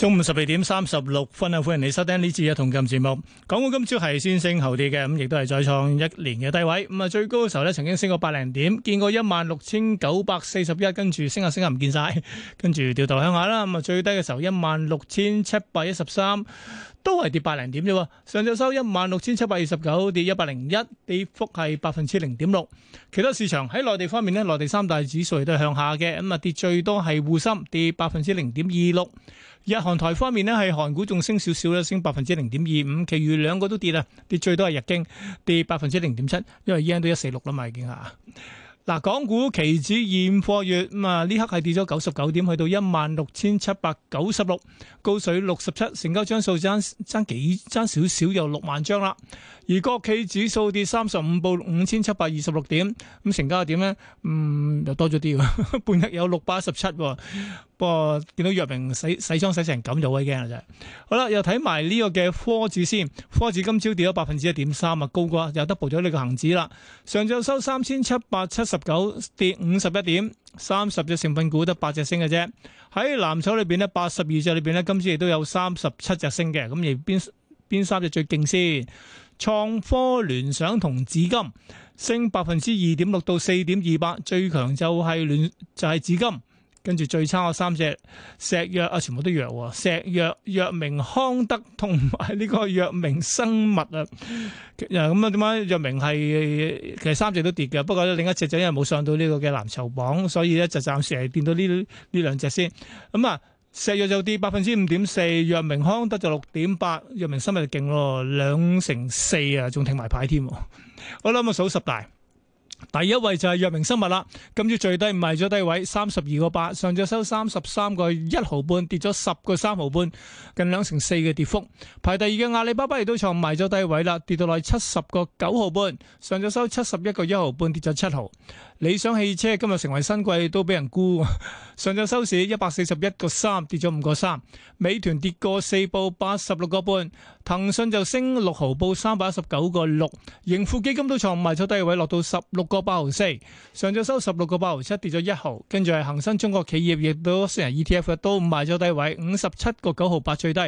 中午十二點三十六分啊，歡迎你收聽呢次嘅同金節目。港股今朝係先升後跌嘅，咁亦都係再創一年嘅低位。咁啊，最高嘅時候咧，曾經升過百零點，見過一萬六千九百四十一，跟住升下升下唔見晒，跟住掉頭向下啦。咁啊，最低嘅時候一萬六千七百一十三，都係跌百零點啫。喎，上晝收一萬六千七百二十九，跌一百零一，跌幅係百分之零點六。其他市場喺內地方面咧，內地三大指數亦都係向下嘅，咁啊，跌最多係滬深跌百分之零點二六。日韓台方面呢係韓股仲升少少啦，升百分之零點二五，其餘兩個都跌啊，跌最多係日經跌百分之零點七，因為依家都一四六啦，咪見下。嗱，港股期指現貨月咁啊，呢刻係跌咗九十九點，去到一萬六千七百九十六，高水六十七，成交張數爭爭幾爭少少，有六萬張啦。而國企指數跌三十五，報五千七百二十六點，咁成交係點呢？嗯，又多咗啲喎，半日有六百一十七喎。不過我見到藥明洗洗倉洗成咁就好驚啦，真好啦，又睇埋呢個嘅科指先，科指今朝跌咗百分之一點三啊，高過又 double 咗呢個恒指啦。上晝收三千七百七十九，跌五十一點，三十隻成分股得八隻升嘅啫。喺藍籌裏邊呢，八十二隻裏邊呢，今次亦都有三十七隻升嘅。咁而邊邊三隻最勁先？創科、聯想同紫金升百分之二點六到四點二八，最強就係聯就係紫金。跟住最差嗰三隻，石藥啊，全部都藥喎。石藥、藥明康德同埋呢個藥明生物啊，咁啊，點解藥明係其實三隻都跌嘅？不過咧，另一隻就因為冇上到呢個嘅藍籌榜，所以咧就暫時係見到呢呢兩隻先。咁啊，石藥就跌百分之五點四，藥明康德就六點八，藥明生物就勁咯，兩成四啊，仲停埋牌添。好啦，我數十大。第一位就係藥明生物啦，今朝最低賣咗低位三十二個八，8, 上晝收三十三個一毫半，跌咗十個三毫半，近兩成四嘅跌幅。排第二嘅阿里巴巴亦都創賣咗低位啦，跌到落七十個九毫半，上晝收七十一個一毫半，跌咗七毫。理想汽車今日成為新貴，都俾人沽。 上晝收市一百四十一個三，跌咗五個三。美團跌個四毫八，八十六個半。騰訊就升六毫，報三百一十九個六。盈富基金都創埋咗低位，落到十六個八毫四。上晝收十六個八毫七，跌咗一毫。跟住係恒生中國企業，亦都先人 ETF 都賣咗低位，五十七個九毫八最低。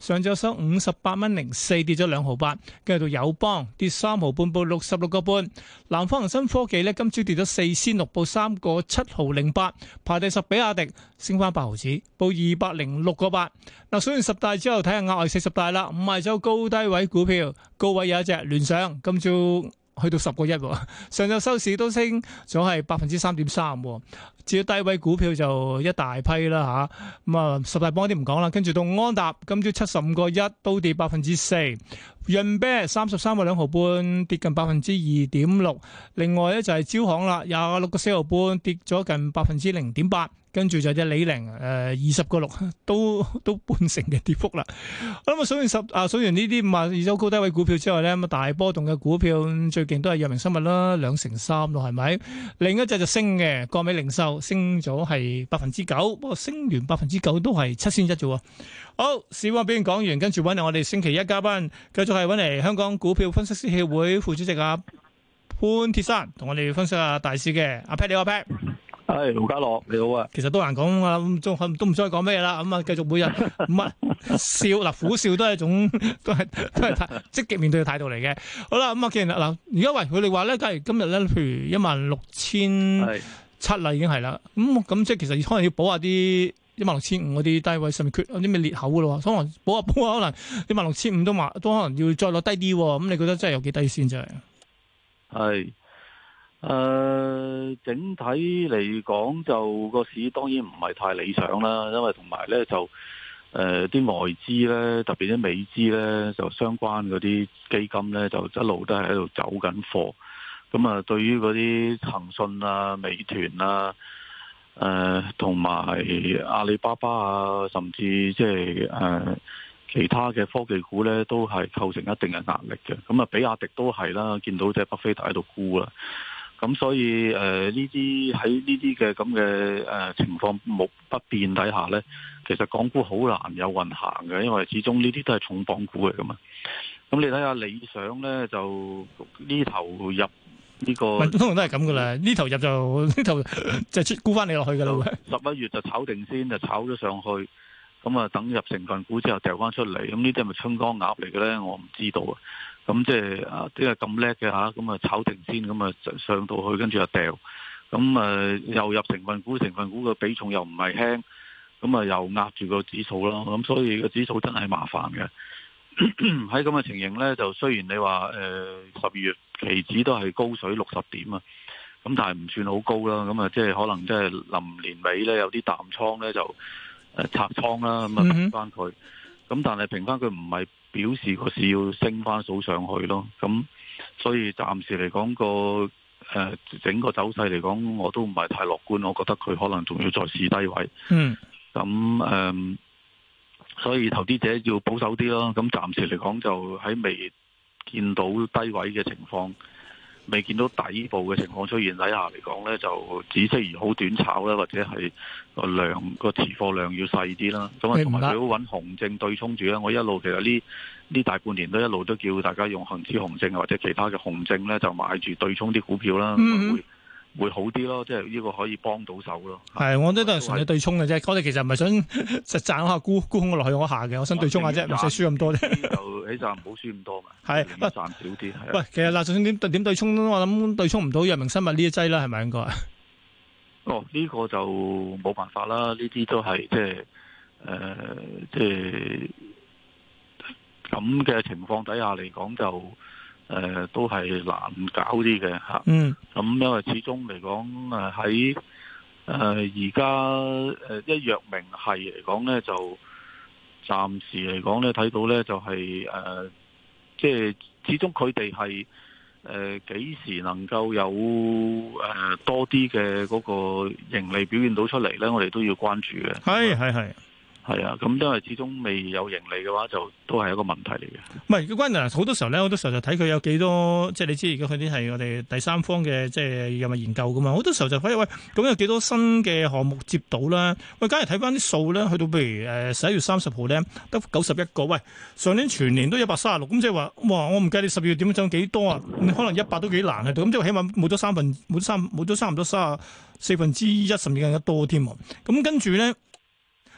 上晝收五十八蚊零四，跌咗兩毫八。跟住到友邦跌三毫半，報六十六個半。南方恒生科技呢，今朝跌咗。四千六報，三個七毫零八，排第十比亞，比亞迪升返八毫子，報二百零六個八。嗱，數完十大之後，睇下額外四十大啦，五係走高低位股票，高位有一隻聯想，今朝。去到十個一喎，上晝收市都升咗係百分之三點三，至於低位股票就一大批啦吓，咁啊十大幫啲唔講啦，跟住到安踏，今朝七十五個一，都跌百分之四，潤啤三十三個兩毫半，5, 跌近百分之二點六，另外咧就係招行啦，廿六個四毫半，跌咗近百分之零點八。跟住就隻李寧誒二十個六都都半成嘅跌幅啦。咁啊，數完十啊，數完呢啲五十二周高低位股票之外咧，咁啊大波動嘅股票最勁都係藥明生物啦，兩成三咯，係咪？另一隻就升嘅國美零售升咗係百分之九，不過升完百分之九都係七仙一啫。好，市況表現講完，跟住揾嚟我哋星期一嘉賓，繼續係揾嚟香港股票分析師協會副主席啊潘鐵珊同我哋分析下大市嘅。阿 Pat，你好 Pat。係盧家樂，你好啊！其實都難講啊，都唔知講咩啦。咁啊，繼續每日笑嗱，苦， 笑都係一種，都係都係積極面對嘅態度嚟嘅。好啦，咁啊既然嗱，而家喂佢哋話咧，假如今日咧，譬如一萬六千七啦，已經係啦。咁咁是、嗯、即係其實可能要補下啲一萬六千五嗰啲低位，甚至缺有啲咩裂口噶咯。可能補下補下，可能一萬六千五都萬都可能要再落低啲。咁、嗯、你覺得真係有幾低先？真係係。誒，uh, 整體嚟講就個市當然唔係太理想啦，因為同埋呢，就誒啲、呃、外資呢，特別啲美資呢，就相關嗰啲基金呢，就一路都係喺度走緊貨。咁啊，對於嗰啲騰訊啊、美團啊、誒同埋阿里巴巴啊，甚至即係誒其他嘅科技股呢，都係構成一定嘅壓力嘅。咁啊，比亞迪都係啦，見到即係巴菲特喺度沽啦。咁、嗯、所以誒呢啲喺呢啲嘅咁嘅誒情況目不變底下呢，其實港股好難有運行嘅，因為始終呢啲都係重磅股嚟噶嘛。咁、嗯、你睇下理想呢，就呢頭入呢、呢個，通常都係咁噶啦。呢頭入就呢 頭即係沽翻你落去噶啦。十一月就炒定先，就炒咗上去，咁、嗯、啊等入成份股之後掉翻出嚟。咁呢啲係咪春江鴨嚟嘅呢？我唔知道啊。咁即係啊，即係咁叻嘅嚇，咁啊炒停先，咁啊上到去，跟住又掉，咁啊又入成分股，成分股個比重又唔係輕，咁啊又壓住個指數咯，咁所以個指數真係麻煩嘅。喺咁嘅情形咧，就雖然你話誒十二月期指都係高水六十點啊，咁但係唔算好高啦，咁啊即係可能即係臨年尾咧有啲淡倉咧就誒拆倉啦，咁啊平翻佢，咁但係平翻佢唔係。表示個市要升翻數上去咯，咁所以暫時嚟講個誒、呃、整個走勢嚟講，我都唔係太樂觀，我覺得佢可能仲要再試低位。嗯，咁誒、呃，所以投資者要保守啲咯。咁暫時嚟講，就喺未見到低位嘅情況。未見到底部嘅情況出現底下嚟講呢，就只適宜好短炒啦，或者係個量個持貨量要細啲啦。咁啊，同埋最好揾紅證對沖住啦。我一路其實呢呢大半年都一路都叫大家用恒指紅證或者其他嘅紅證呢，就買住對沖啲股票啦。嗯會好啲咯，即係呢個可以幫到手咯。係，我覺得都係純粹對沖嘅啫。我哋其實唔係想實賺下沽沽空落去嗰下嘅，我想對沖下啫，唔使輸咁多咧。就起賺唔好輸咁多嘛。係是，不賺少啲。喂，其實嗱，就算點點對沖，我諗對沖唔到藥明生物呢一劑啦，係咪應該？ 哦，呢個就冇辦法啦。呢啲都係即係誒，即係咁嘅情況底下嚟講就。誒、呃，都係難搞啲嘅吓，咁、啊、因為始終嚟講，誒喺誒而家誒一藥明係嚟講咧，就暫時嚟講咧睇到咧就係、是、誒，即、呃、係始終佢哋係誒幾時能夠有誒、呃、多啲嘅嗰個盈利表現到出嚟咧，我哋都要關注嘅。係係係。係啊，咁都係始終未有盈利嘅話，就都係一個問題嚟嘅。唔係，關鍵好多時候咧，好多時候就睇佢有幾多，即係你知而家佢啲係我哋第三方嘅，即係入面研究噶嘛。好多時候就睇喂，咁有幾多新嘅項目接到啦？喂，梗係睇翻啲數咧，去到譬如誒十一月三十號咧，得九十一個。喂，上年全年都一百卅六，咁即係話，哇！我唔計你十二月點樣增幾多啊？你可能一百都幾難啊！咁即係起碼冇咗三分，冇三，冇咗差唔多卅四分之一，甚至更加多添。咁跟住咧。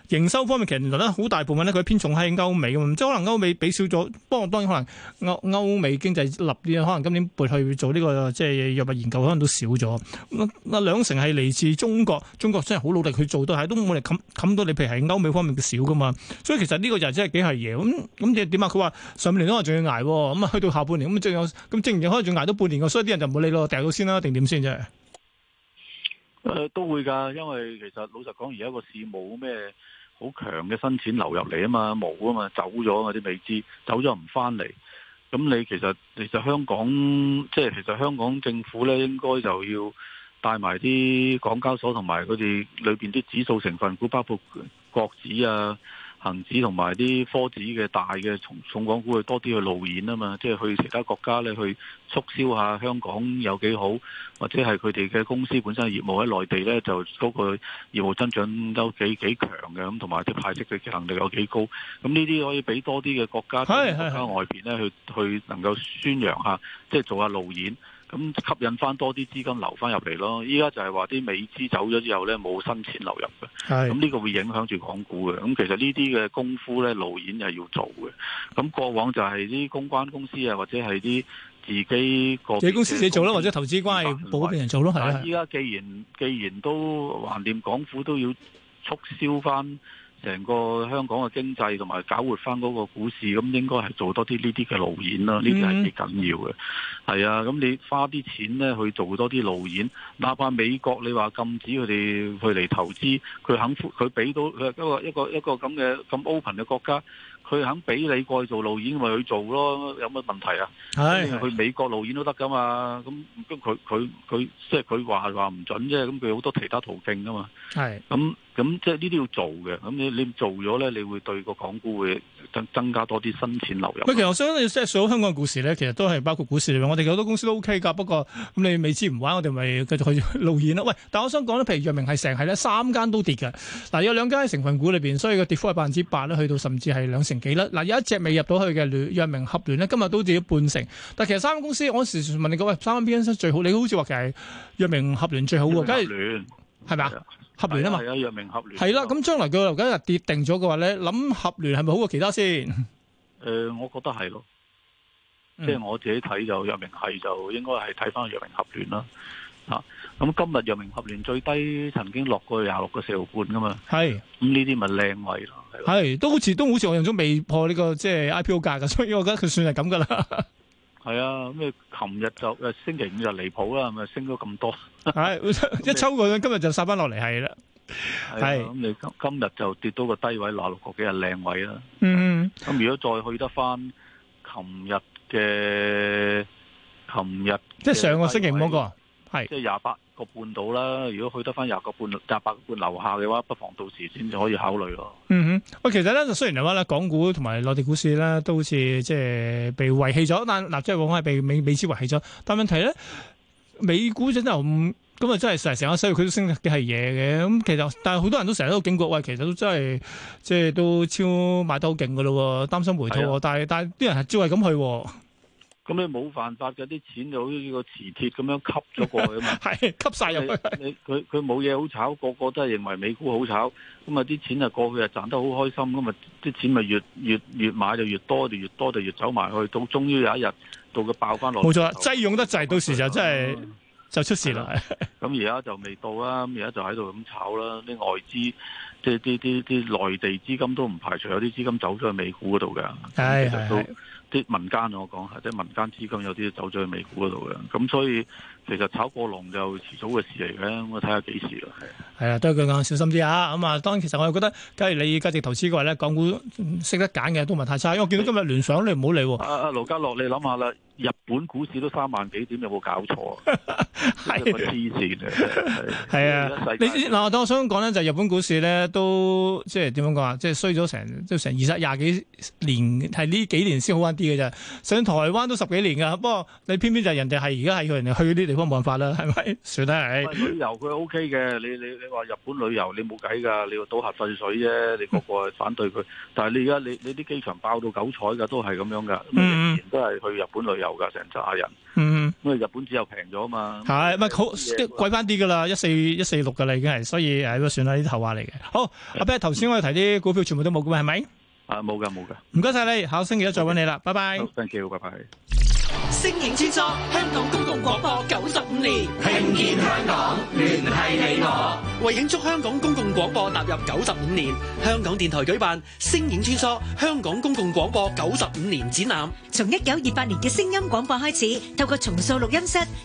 營收方面，其實好大部分咧，佢偏重喺歐美，即係可能歐美畀少咗。不過當然可能歐歐美經濟立啲，可能今年撥去做呢、呢個即係藥物研究，可能都少咗。嗱兩成係嚟自中國，中國真係好努力去做到，但係都冇力冚冚到你。譬如喺歐美方面少噶嘛，所以其實呢個就真係幾係嘢。咁咁你點啊？佢話上半年都話仲要挨，咁啊去到下半年咁仲、嗯、有、嗯、正如正可能仲挨到半年嘅，所以啲人就唔冇理咯，掉到先啦，定點先啫？誒都會㗎，因為其實老實講而家個市冇咩好強嘅新錢流入嚟啊嘛，冇啊嘛，走咗啊啲美資，走咗唔返嚟，咁你其實其實香港即係、就是、其實香港政府呢，應該就要帶埋啲港交所同埋佢哋裏邊啲指數成分股，包括國指啊。恒指同埋啲科指嘅大嘅重重港股多去多啲去路演啊嘛，即係去其他國家咧去促銷下香港有幾好，或者係佢哋嘅公司本身嘅業務喺內地咧就嗰個業務增長都幾幾強嘅，咁同埋啲派息嘅能力有幾高，咁呢啲可以俾多啲嘅國家喺中文外邊咧去去能夠宣揚下，即係做下路演。咁吸引翻多啲資金流翻入嚟咯，依家就係話啲美資走咗之後呢，冇新錢流入嘅，咁呢個會影響住港股嘅。咁其實呢啲嘅功夫呢，路演係要做嘅。咁過往就係啲公關公司啊，或者係啲自己個，公司自己做啦，或者投資關係俾人做咯，係。依家既然既然都橫掂港府都要促銷翻，成個香港嘅經濟同埋搞活翻嗰個股市，咁應該係做多啲呢啲嘅路演啦，呢啲係幾緊要嘅。係啊，咁你花啲錢咧去做多啲路演，哪怕美國你話禁止佢哋去嚟投資，佢肯佢俾到一個一個一個咁嘅咁 open 嘅國家，佢肯俾你過去做路演，咪去做咯，有乜問題啊？係去美國路演都得噶嘛？咁佢佢佢即係佢話話唔準啫，咁佢好多其他途徑噶嘛。係咁。咁、嗯、即係呢啲要做嘅，咁、嗯、你你做咗咧，你會對個港股會增增加多啲新錢流入。喂，其實我想講，即係所有香港嘅股市咧，其實都係包括股市裏邊。我哋好多公司都 OK 㗎，不過咁、嗯、你未知唔玩，我哋咪繼續去路演啦。喂，但我想講咧，譬如藥明係成係咧三間都跌嘅。嗱，有兩間喺成分股裏邊，所以個跌幅係百分之八咧，去到甚至係兩成幾啦。嗱，有一隻未入到去嘅藥藥明合聯咧，今日都跌咗半成。但其實三間公司，我時時問你，喂，三間邊間最好？你好似話其實藥明合聯最好喎，梗係係嘛？然合聯啊嘛，係啊，藥、啊、明合聯係啦。咁將、啊、來佢今日跌定咗嘅話咧，諗合聯係咪好過其他先？誒、呃，我覺得係咯，嗯、即係我自己睇就藥明係就應該係睇翻藥明合聯啦。啊，咁今日藥明合聯最低曾經落過廿六個四毫半噶嘛？係是，咁呢啲咪靚位咯，係、啊。係都好似都好似我印象中未破呢、這個即係 IPO 價噶，所以我覺得佢算係咁噶啦。 係啊，咁你琴日就誒星期五就離譜啦，係咪升咗咁多？係一抽過，今日就殺翻落嚟，係啦，係咁。你今日就跌到個低位，廿六個幾係靚位啦。嗯，咁如果再去得翻，琴日嘅琴日，即係上個星期五嗰個，係即係廿八。個半到啦，如果去得翻廿個半，廿八個半樓下嘅話，不妨到時先就可以考慮咯。嗯哼，喂，其實咧，雖然嚟話咧，港股同埋內地股市咧都好似即係被遺棄咗，但立即往係被美美資遺棄咗。但問題咧，美股真係咁，咁啊真係成日成個細路佢都升得幾係嘢嘅。咁其實，但係好多人都成日都警告，喂、哎，其實都真係即係都超買得好勁嘅咯，擔心回吐喎的。但係但係啲人係照係咁去喎。咁你冇辦法嘅，啲錢就好似個磁鐵咁樣吸咗過去啊嘛，係 吸晒入去。佢佢冇嘢好炒，個個都係認為美股好炒，咁啊啲錢啊過去啊賺得好開心，咁啊啲錢咪越越越，越買就越多，就越多就越走埋去，到終於有一日到佢爆翻落嚟。冇錯，擠擁得滯，到時就、啊、真係就出事啦。咁而家就未到啦。咁而家就喺度咁炒啦。啲外資即係啲啲啲內地資金都唔排除有啲資金走咗去美股嗰度嘅，其 啲民間我講係，即係民間資金有啲走咗去美股嗰度嘅，咁所以其實炒過龍就遲早嘅事嚟嘅，我睇下幾時啦，係啊，啊，都係咁講，小心啲啊，咁啊，當然其實我又覺得，假如你價值投資嘅話咧，港股識得揀嘅都唔係太差，因為我見到今日聯想是你唔好理阿啊，啊，盧家樂你諗下啦。日本股市都三萬幾點，有冇搞錯啊？係個黐線啊！係啊，你嗱，當我想講咧，就係、是、日本股市咧，都即係點樣講啊？即係衰咗成都成二十廿幾年，係呢幾年先好返啲嘅啫。上台灣都十幾年㗎，不過你偏偏就係人哋係而家係去人哋去嗰啲地方冇辦法啦，係咪算啦？嗯、旅遊佢 O K 嘅，你你你話日本旅遊你冇計㗎，你要倒下沸水啫，你個個,個反對佢。但係你而家你你啲機場爆到九彩㗎，都係咁樣㗎，年年 都係去日本旅遊。 有噶成扎人，嗯，我哋日本只有平咗啊嘛，係是，咪、嗯、好貴翻啲噶啦，一四一四六噶啦已經係，所以誒，都算啦呢啲頭話嚟嘅。好，阿 Ben，頭先我哋提啲股票，全部都冇嘅係咪？啊，冇噶冇噶，唔該晒你，下個星期一再揾你啦，謝謝拜拜。好，星期六拜拜。聲影穿梭香港公共廣播九十五年，聽見香港，聯繫你我。為慶祝香港公共廣播踏入九十五年，香港電台舉辦聲影穿梭香港公共廣播九十五年展覽。從一九二八年嘅聲音廣播開始，透過重塑錄音室。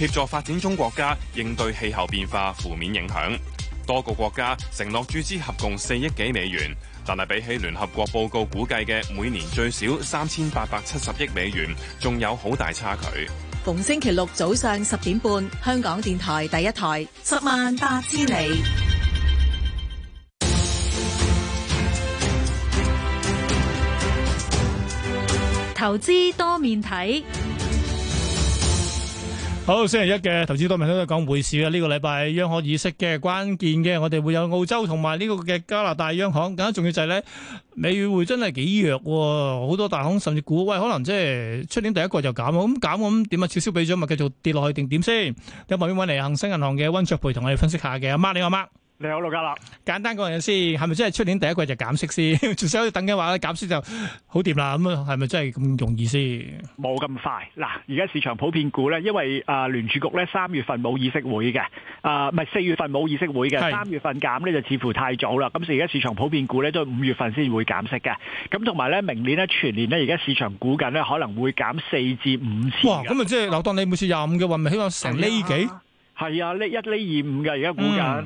協助發展中國家應對氣候變化負面影響，多個國家承諾注資合共四億幾美元，但係比起聯合國報告估計嘅每年最少三千八百七十億美元，仲有好大差距。逢星期六早上十點半，香港電台第一台，十萬八千里，投資多面睇。好，星期一嘅投資多明多都係講匯市嘅。呢個禮拜央行議息嘅關鍵嘅，我哋會有澳洲同埋呢個嘅加拿大央行。更加重要就係咧，美匯真係幾弱，好多大行甚至估喂，可能即係出年第一個就減啊。咁減咁點啊？悄悄避咗咪繼續跌落去定點先？有冇邊搵嚟恒生銀行嘅溫卓培同我哋分析下嘅？阿孖你阿孖。你好，陸家樂。簡單講下先，係咪真係出年第一季就減息先？仲使好等嘅話，減息就好掂啦。咁啊，係咪真係咁容易先？冇咁快。嗱，而家市場普遍估咧，因為啊聯儲局咧三月份冇議息會嘅，啊唔係四月份冇議息會嘅，三月份減咧就似乎太早啦。咁所以而家市場普遍估咧都五月份先會減息嘅。咁同埋咧，明年咧全年咧，而家市場估緊咧可能會減四至五次。哇！咁啊，即係樓棟你每次廿五嘅話，咪起碼成厘幾？係啊，呢一厘二五嘅而家估緊。